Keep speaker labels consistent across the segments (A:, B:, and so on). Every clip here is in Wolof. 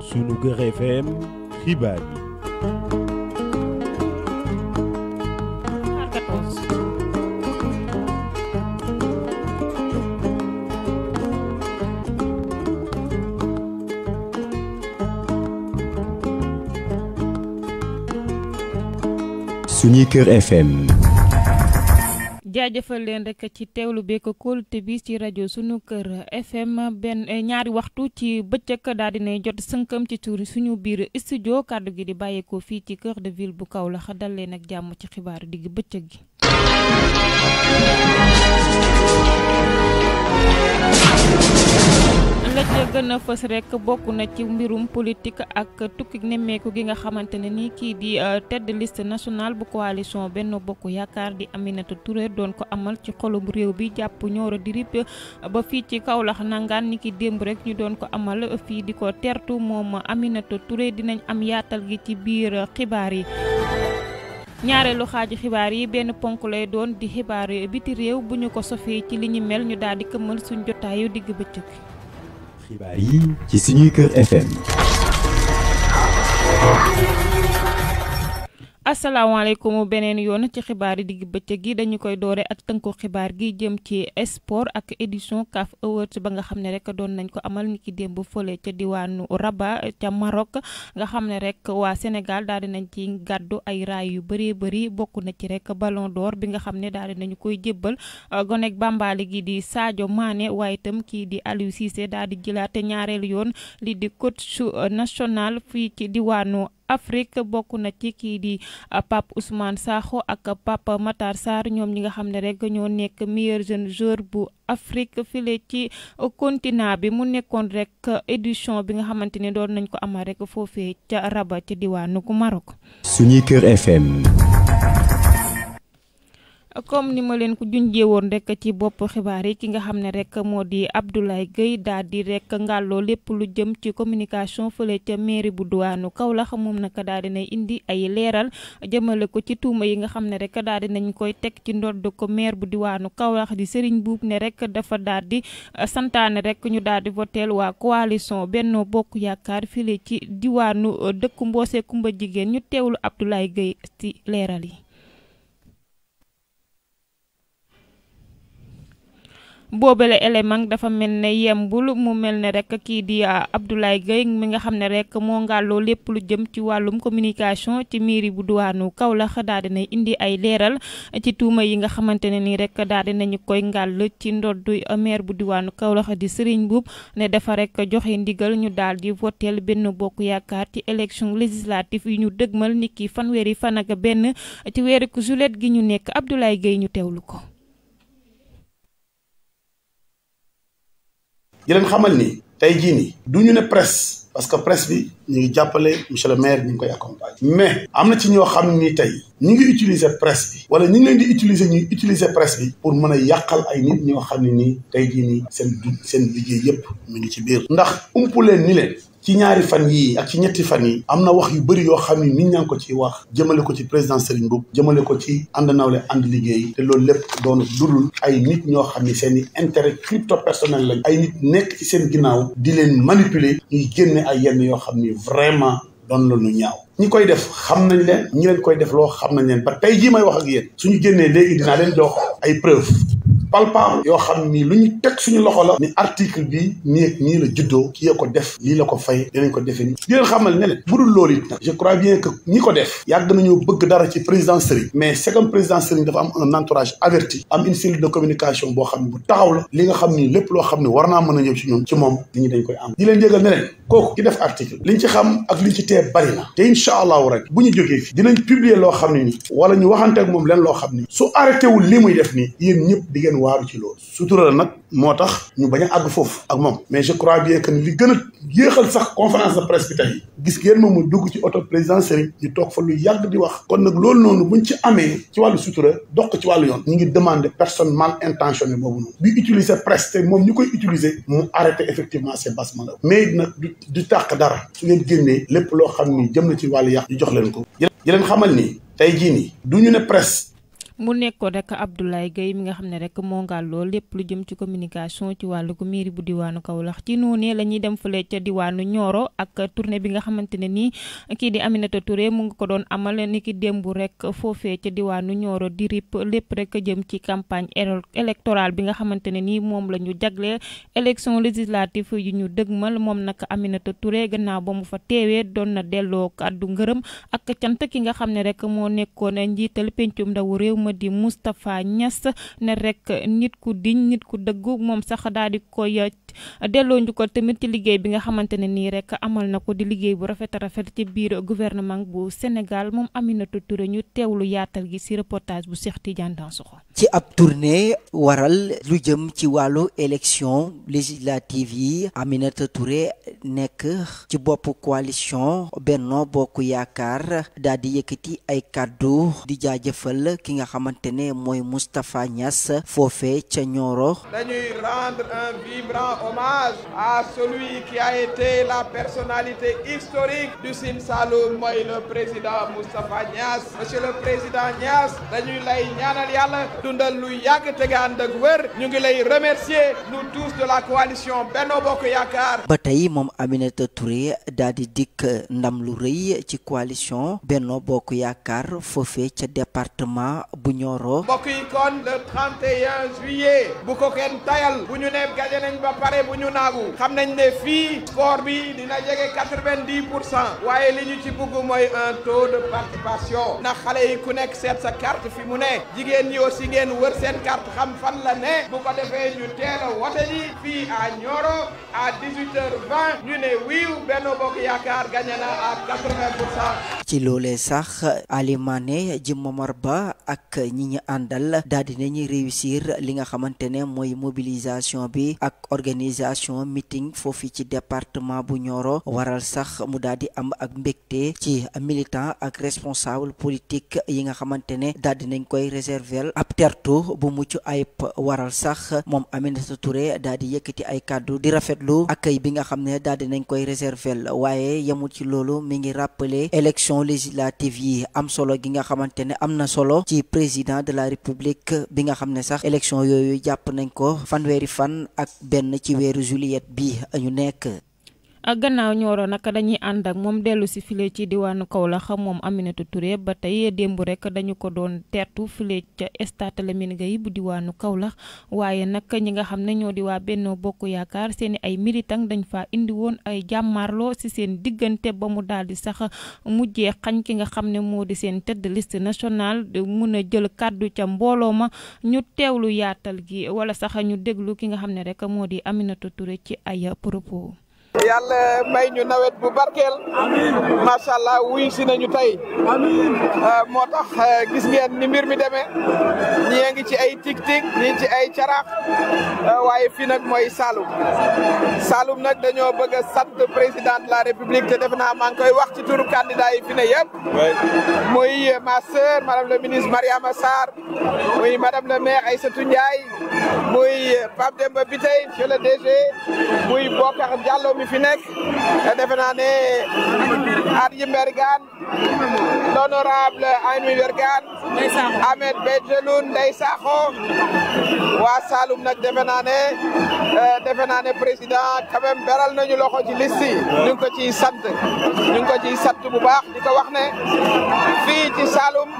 A: Sunuker FM xibaar yi
B: suñuy kër FM.
C: jaajëfal leen rek ci teewlu beeg kóolute bi ci rajo sunu kër FM eh, ñaari waxtu ci bëccëg daal nay jot sënkam ci tuuri suñu biir studio kàddu gi di bàyyeekoo fii ci cœur de ville bu Kaolack dal leen ak jàmm ci xibaaru digg bëccëg gi. la ca fës rek bokk na ci mbirum politik ak tukki nemmeeku gi nga xamante ne ni kii di euh, tête de liste nationale bu coalition Benno Bokk Yaakaar di Aminata Touré doon ko amal ci xolum réew bi jàpp Nioro di rip euh, ba fii ci kawlax nangaan ki démb rek ñu doon ko amal fii di ko tertu moom Aminata Touré dinañ am yaatal gi ci biir xibaar yi. ñaareelu xaaju xibaar yi benn ponk lay doon di xibaar biti réew bu ñu ko sofee ci li mel ñu daal di këmmal suñ jotaayu digg
B: xibaar yi ci suñuy kër FM
C: asalaamaaleykum beneen yoon ci xibaar yi digg bëccëg gi dañu koy doore ak tënku xibaar gi jëm ci sport ak édition CAF Awards ba nga xam ne rek doon nañ ko amal ni ki démb fële ca diwaanu raba ca Maroc nga xam ne rek waa Sénégal daal di nañ ci gàddu ay raay yu bëree bëri bokk na ci rek ballon door bi nga xam ne daal di nañu koy jébbal euh, gonek bàmbaale gi di Sadio Mané waaye itam kii di Aliou Cissé daal di jëlaate ñaareel yoon li di coach national fii ci diwaanu Afrique bokk na ci kii di ah, Pape Ousmane Sakho ak Pape Matar ñoom ñi nga xam ne rek ñoo nekk meilleur jeune joueur bu Afrique file ci continent bi mu nekkoon rek édition bi nga xamante ne doon nañ ko amal rekk foofee ca Rabat ca diwaanu Maroc.
B: suñuy Kër FM.
C: comme ni ma leen ko junjee woon rek ci bopp xibaar yi ki nga xam ne rek moo di Abdoulaye Gueye daal di rek ngàlloo lépp lu jëm ci communication fële ca bu duwaanu Kaolack moom nag daal di nay indi ay leeral jëmale ko ci tuuma yi nga xam ne rek daal di nañ koy teg ci ndodd ko maire bu diwaanu Kaolack di Serigne Boub ne rek dafa daal di santaane rek ñu daal di voteel waa coalition Benno Bokk Yaakaar file ci diwaanu dëkk Mbossé Kumba Jigéen ñu teewlu Abdoulaye Gueye ci leeral yi. boobale élément dafa mel ne yembul mu mel ne rek kii di euh, Abdoulaye Gueye mi nga xam ne rek moo ngàlloo lépp lu jëm ci wàllum communication ci mairie bu duwaanu Kaolack daal dinay indi ay leeral ci tuuma yi nga xamante ne nii rek daal dinañu koy ngàll ci ndoddu euh, maire bu diwaanu Kaolack di Serigne Mboup ne dafa rek joxe ndigal ñu daal di voteel benn bokk yaakaar ci élection législative yi ñu dëgmal niki fanweeri fan ak benn ci weeru juillet gi ñu nekk Abdoulaye Gueye ñu teewlu ko.
A: di xamal ni tey jii nii du ñu ne presse parce que presse bi ñu ngi jàppale monsieur le maire ñu ngi koy accompagner. mais am na ci ñoo xam ni tey ñu ngi utiliser presse bi wala ñu ngi leen di utiliser ñuy utiliser presse bi pour mën a yàqal ay nit ñoo xam ne nii tey jii nii seen du seen liggéey yëpp mu ngi ci biir. ndax umpu leen ni leen ci ñaari fan yii ak ci ñetti fan yi am na wax yu bëri yoo xam ni nit ñaa ngi ko ciy wax jëmale ko ci président Serigne Mboup jëmale ko ci ànd nawle ànd liggéey te loolu lépp doon dudul ay nit ñoo xam ni seen i intérêt crypto personnel lañ ay nit nekk ci seen ginnaaw di leen manipuler ñuy génne ay yenn yoo xam ni vraiment doon la ñu ñaaw ñi koy def xam nañ leen ñi leen koy def loo xam nañ leen ba tey jii may wax ak yéen suñu génnee léegi dinaa leen jox ay preuve palpable yoo xam ni lu ñu teg suñu loxo la ni article bi nii ak nii la juddoo kii ko def lii la ko fay dinañ ko defee nii di leen xamal ne leen bu dul loolu it nag que ñi ko def yàgg nañoo bëgg dara ci président Serigne mais c'est comme président Serigne dafa am un entourage averti am une de communication boo xam ne bu taxaw la li nga xam ni lépp loo xam ne war naa mën a ñëw ci ñoom ci moom nit ñi dañ koy am di leen yëgal ne leen kooku ki def article liñ ci xam ak liñ ci tee bari na te incha allahu rek bu ñu jógee fii dinañ publier loo xam ne wala ñu waxante moom leen loo xam ni su arrêté wul li muy def nii waaru ci loolu sutura la nag moo tax ñu bañ a àgg foofu ak moom mais je crois bien que li gën a yéexal sax conférence de presse bi tey gis ngeen moom mu dugg ci oto président Serigne ñu toog fa lu yàgg di wax kon nag loolu noonu buñ ci amee ci wàllu sutura dox ko ci wàllu yoon ñu ngi demander personne mal intentionnée boobu noonu bi utiliser presse te moom ñu koy utiliser mu arrêté effectivement ces basement la mais nag du du tàq dara su génnee lépp loo xam jëm na ci wàllu yàq ñu jox leen ko yi leen xamal
C: mu nekkoon rek Abdoulaye Gueye mi nga xam ne rek moo ngaal lool lépp lu jëm ci communication ci wàllu ko mairie bu diwaanu Kaolack ci noonee la ñuy dem fële ca diwaanu Nioro ak tournée bi nga xamante ne nii kii di Aminata toure mu ngi ko doon amal ni ki démb rek foofee ca diwaanu Nioro di rip lépp rek jëm ci campagne électorale bi nga xamante ne nii moom la ñu jagle élection législative yu ñu dëgmal moom nag Aminata Touré gannaaw ba mu fa teewee doon na delloo kàddu ngërëm ak cant ki nga xam ne rek moo nekkoon njiital pencum ndawu réew Amady Moustapha Niass ne rek nit ku diñ nit ku dëggu moom sax daal di koy eh, delloo njukkal tamit ci liggéey bi nga xamante ne nii rek amal na ko di liggéey bu rafet a rafet ci biir gouvernement bu Sénégal moom Aminata Touré ñu teewlu yaatal gi ci reportage bu Cheikh Tidiane Dansokho
D: ci ab tournée waral lu jëm ci wàllu élection législative yi Aminata Touré nekk ci bopp coalition Benno Bokk Yaakaar daal yëkkati ay kàddu di jaajëfal ki nga xamante ne mooy Moustapha Niass foofee ca Nioro.
E: dañuy rendre un vibrant hommage à celui qui a été la personnalité historique du Sine Saloum mooy le président Moustapha Niass monsieur le président Niass dañuy lay ñaanal yàlla dundal lu yàgg te nga wër ñu ngi lay remercier nous tous de la coalition Benno Bokk Yaakaar.
D: ba tey moom Aminata Touré daal di dikk ndam lu rëy ci coalition Benno Bokk Yaakaar foofee ca département. bu ñooroo
E: mbokk yi kon le juillet bu ko kenn tayal bu ñu ne gaje nañ ba pare bu ñu naagu xam nañ ne fii score bi dina jege waaye li ñu ci bëgg mooy un taux de participation ndax xale yi ku nekk seet sa carte fi mu ne jigéen ñi aussi ngeen wër seen carte xam fan la ne bu ko defee ñu teel a ji fii à Nioro à ñu ne wiiw Benno Bokk Yaakaar gagné à
D: ci loolee sax Aliou Mané Dji Ba ak. ak ñi ñu àndal daal nañu réussir li nga xamante ne mooy mobilisation bi ak organisation meeting foofu ci département bu Nioro waral sax mu daal di am ak mbégte ci militant ak responsable politique yi nga xamante ne daal di nañ koy réserver ab tertu bu mucc ayib waral sax moom Aminata Touré daal di yëkkati ay kàddu di rafetlu ak bi nga xam ne daal di nañ koy réserver waaye yemul ci loolu mi ngi rappeler élection législative yi am solo gi nga xamante am na président de la république bi nga xam ne sax élection yooyu jàpp nañ ko fanweeri fan ak benn ci weeru juillet bi ñu nekk
C: gannaaw Nioro nag dañuy ànd ak moom dellu si file ci diwaanu Kaolack moom Aminata Touré ba tey démb rek dañu ko doon teertu file ca stade Lamine Gueye bu diwaanu kawlax waaye nag ñi nga xam ne ñoo di waa Benno Bokk Yaakaar seen ay militant dañu faa indi woon ay jàmmaarloo si seen diggante ba mu daal di sax mujjee xañ ki nga xam ne moo di seen tête de liste nationale de a jël kàddu ca mbooloo ma ñu teewlu yaatal gi wala sax ñu déglu ki nga xam ne rek moo di Aminata Touré ci ay propos.
E: yàlla may ñu nawet bu barkeel macha allah wuy si nañu tey euh, moo tax euh, gis ngeen ni mbir mi demee ñi ngi ci ay tik-tik ñi ci ay caraax euh, waaye fii nag mooy Saloum Saloum nag dañoo bëgg a président de la république te defe naa maa ngi koy wax ci turu candidat yi fi ne yëpp muy ma sœur madame le ministre Mariama Sarr muy madame le maire Aïssatou Ndiaye muy Pape Demba Biteye monsieur le muy Bokar Diallo bi fi nekk defe naa ne Adji Mbergane l'honorable Amy Mbergane Ahmed Benjeloun Ndeye Sakho waa Saloum nag defe naa ne euh, defe naa ne président quand même beral nañu loxo ci liste ñu ko ciy sant ñu ngi ko ciy sant bu baax di ko wax ne fii ci Saloum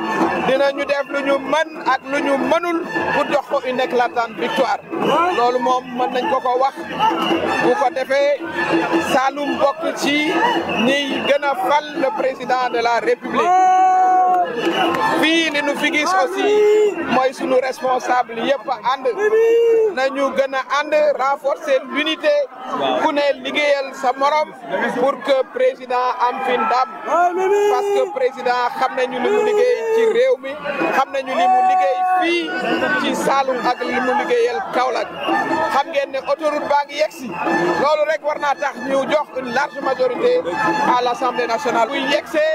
E: dinañu def lu ñu mën ak lu ñu mënul bu jox ko nekk une éclatante victoire loolu moom mën nañ ko ko wax bu ko defee Saloum bokk ci ñiy gën fal le président de la République fii ni nu fi gis aussi mooy sunu responsable yëpp ànd nañu gën a ànd renforcer l'unité ku ne liggéeyal sa morom pour que président am fi ndam parce président xam nañu lu mu liggéey ci réew mi xam nañu li mu liggéey fii ci Saloum ak li mu liggéeyal Kaolack xam ngeen ne autoroute baa ngi yegsi loolu rek war naa tax ñu jox une large majorité à l' assemblée nationale. buy yegsee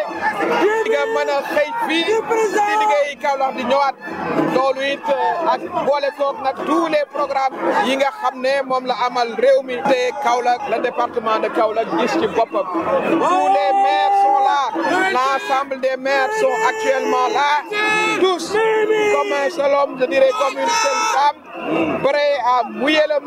E: di nga mën a xëy fii di liggéey Kaolack di ñëwaat loolu it euh, ak boole koog nag tous les programmes yi nga xam ne moom la amal réew mi te la le département de Kaolack gis ci boppam tous les maires sont là l' ensemble des actuellement là salon de dirais comme une seule femme, prêt à mouiller le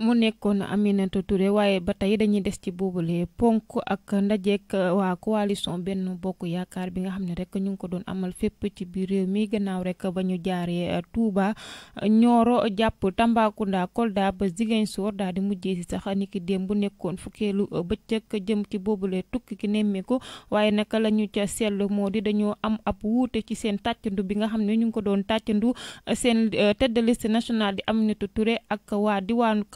C: mu nekkoon Aminata Touré waaye ba tey dañuy des ci boobule ponk ak ndajeek uh, waa coalition benn bokk yaakaar bi nga xam ne rek ñu ngi ko doon amal fépp ci biir réew mi gannaaw rek ba ñu jaaree uh, Touba ñooro uh, jàpp Tambacounda Kolda ba Ziguinchor daal di mujjee si sax niki démb bu nekkoon fukkeelu bëccëg jëm ci boobule tukki ki nemmeeku waaye naka lañu ca seetlu moo di dañoo am ab wuute ci seen tàccandu bi nga xam ne ñu ngi ko doon tàccandu seen tête de liste nationale di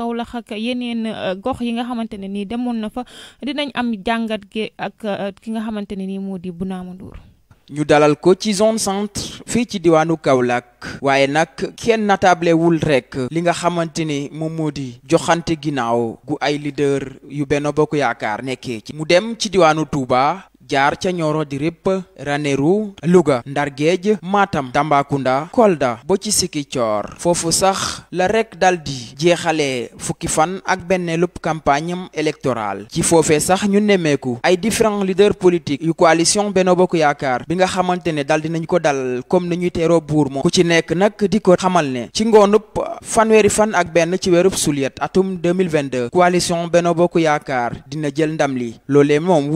C: Kaolack ak yeneen euh, gox yi nga xamante ne nii demoon na fa dinañ am jàngat gi ak euh, ki nga xamante ne nii moo di Bounama Ndour
B: ñu dalal ko ci zone centre fii ci diwaanu Kaolack waaye nag kenn natablewul rek li nga xamante ni moom moo di joxante ginnaaw gu ay leader yu benn Bokk Yaakaar nekkee ci mu dem ci diwaanu Touba jaar ca Nioro di Rip Ranérou Louga Ndar Géej Matam Tambacounda Kolda ba ci Sikicoor foofu sax la rek di jeexalee fukki fan ak benneelub campagne am électorale ci foofee sax ñu nemmeeku ay différents leaders politiques yu coalition benn Bokk Yaakaar bi nga xamante ne daldi nañ ko dal comme ni ñuy teeroo buur moom ku ci nekk nag di ko xamal ne ci ngoonub fanweeri fan ak benn ci weerub sulyet atum 2022 coalition benn Bokk Yaakaar dina jël ndam li loolee moom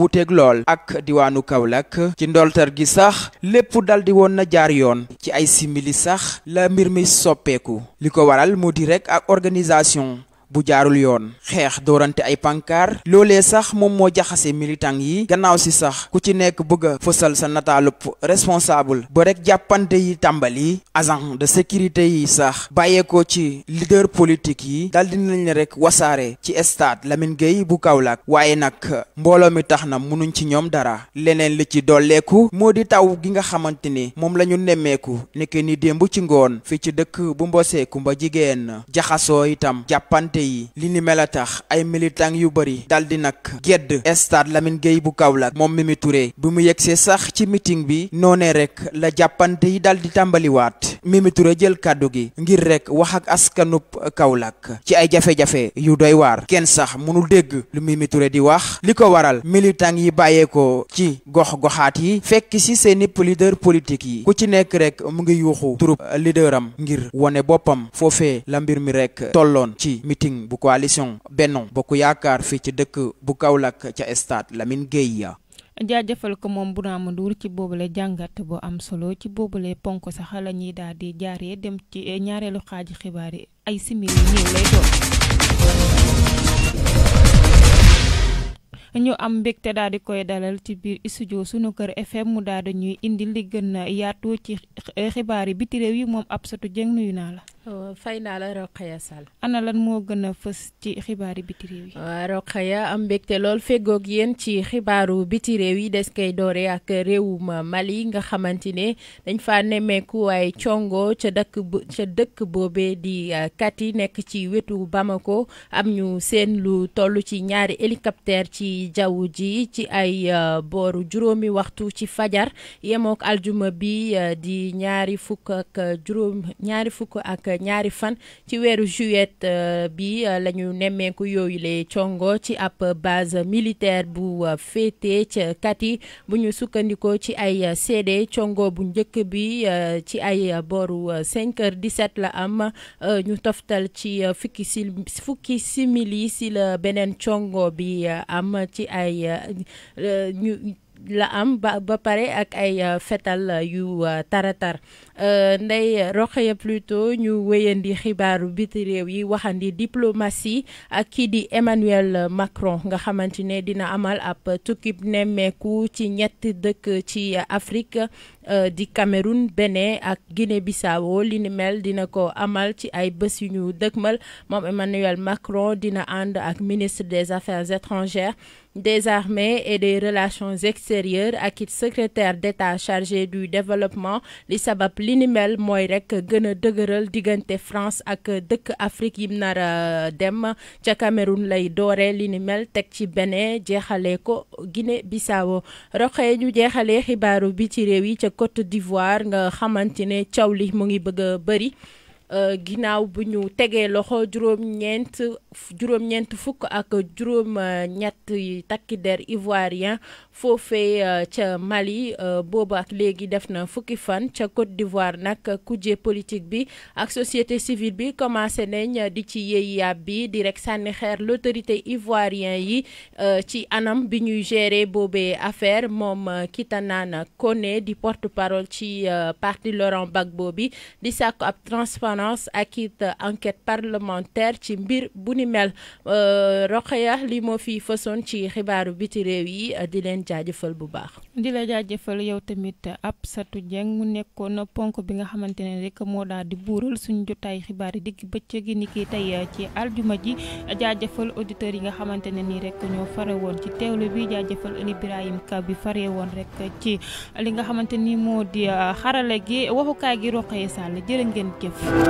B: diwaanu Kaolack ci ndoltar gi sax lépp daldi woon na jaar yoon ci ay simili sax la mbir mi soppeeku li ko waral moo di rekk ak organisation bu jaarul yoon xeex doorante ay pancart loolee sax moom moo jaxasee militant yi gannaaw si sax ku ci nekk bëgg fësal sa nataalu responsable ba rek jàppante yi tàmbali agent de sécurité yi sax bàyyeekoo ci leader politique yi dal dinañ ne rek wasaare ci estade Lamine Gueye bu Kaolack waaye nag mbooloo mi tax na mënuñ ci ñoom dara leneen li ci dolleeku moo di taw gi nga xamante ni moom lañu nemmeeku nekke ni démb ci ngoon fii ci dëkk bu Mbossé Kumba jigéen jaxasoo yi li ni mel a tax ay militant yu bëri dal di nag gedd stade Lamine Gueye bu Kaolack moom Mimi Touré bi mu yegsee sax ci meeting bi noonee rek la jàppante yi dal di tàmbaliwaat Mimi jël kàddu gi ngir rek wax ak askanub kawlak ci ay jafe-jafe yu doy waar kenn sax mënul dégg lu Mimi Touré di wax li ko waral militant yi bàyyeekoo ci gox-goxaat yi fekk si seeni leader politique yi ku ci nekk rekk mu ngi yuuxu turub lideram ngir wone boppam foofee la mbir mi meeting bu coalition Benno Bokk Yaakaar fii ci dëkk bu Kaolack ca stade Lamine Gueye
C: jaajëfal ko moom bu Birame Ndour ci boobule jàngat bu am solo ci boobule ponk sax la ñuy daal di jaaree dem ci eh, ñaareelu xaaji xibaar yi ay simili ñëw lay doon. ñu am mbégte daal di koy dalal ci biir studio sunu kër FM mu daal di ñuy indi li gën a yaatu ci eh, xibaar yi biti réew yi moom
F: Absatou Dieng yu naa la. Euh, fay naa la Rokhaya Sall ana moo gën a fës ci xibaaru biti réew yi. waaw Rokhaya am mbégte lool feggoog yéen ci xibaaru biti réew yi des koy doore ak réewum Mali nga xamante ne dañ fa nemmeeku ay congo ca dëkk boobe dëkk boobee di euh, Kati nekk ci wetu Bamako am ñu seen lu toll ci ñaari hélicoptère ci jaww ji ci ay euh, booru juróomi waxtu ci fajar yemook aljuma bi di ñaari fukk ak juróom ñaari fukk ak. ñaari fan ci weeru juillet euh, bi euh, lañu nemmeeku yooyu le congo ci ab base militaire bu euh, féete ca Kati bu ñu sukkandikoo ci ay cd congo bu njëkk bi ci ay booru 5 heures 17 la am ñu toftal ci fukki si fukki simili si la beneen congo bi am ci ay la am ba ba pare ak ay euh, fetal euh, yu euh, taratar Ndeye Rokhaya plutôt ñu wéyandi xibaaru biti réew yi waxandi diplomatie ak kii di Emmanuel Macron nga xamante ne dina amal ab tukkib nemmeeku ci ñetti dëkk ci Afrique di Cameroun Bénin ak Guinée-Bissau li ni mel dina ko amal ci ay bés yu ñu dëkkmal moom Emmanuel Macron dina ànd ak ministre des affaires étrangères des armées et des relations extérieures ak it secrétaire d'État chargé du développement li sabab li ni mooy rek gën a dëgëral diggante France ak dëkk Afrique yim nar a dem ca Cameroun lay doore li ni teg ci Bénin jeexale ko Guinée Bissau roxee ñu jeexalee xibaaru bi ci réew yi ca Côte d'Ivoire nga xamante ne caw li mu ngi bëgg a bëri Euh, ginnaaw bu ñu tegee loxo juróom-ñeent juróom-ñeent fukk ak juróom-ñett yi takki der ivoirien foofee euh, ca Mali euh, boobu ak léegi def na fukki fan ca Côte d'Ivoire nag kujje politique bi ak société civile bi commencé nañ di ci yéey yàb bi di sànni xeer l'autorité ivoirien yi ci anam bi ñuy gérer boobee affaire moom Kitana Koné di porte-parole ci parti Laurent Gbagbo bi di sàkku ab transparence gouvernance ak it euh, enquête parlementaire ci mbir bu ni mel euh, Rokhaya li moo fi fësoon ci xibaaru bi biti réew yi euh, di leen jaajëfal bu baax.
C: di la jaajëfal yow tamit ab Absatou Dieng mu nekkoon ponk bi nga xamante ne rek moo daal di buural suñ jotaay xibaar yi digg bëccëg ni ki tey ci aljuma ji jaajëfal auditeurs yi nga xamante ne nii rek ñoo fare woon ci teewlu bi jaajëfal Ali Ibrahim Ka bi fare woon rek ci li nga xamante ni moo di xarale gi waxukaay gi Rokhaya Sall jërë ngeen jëf.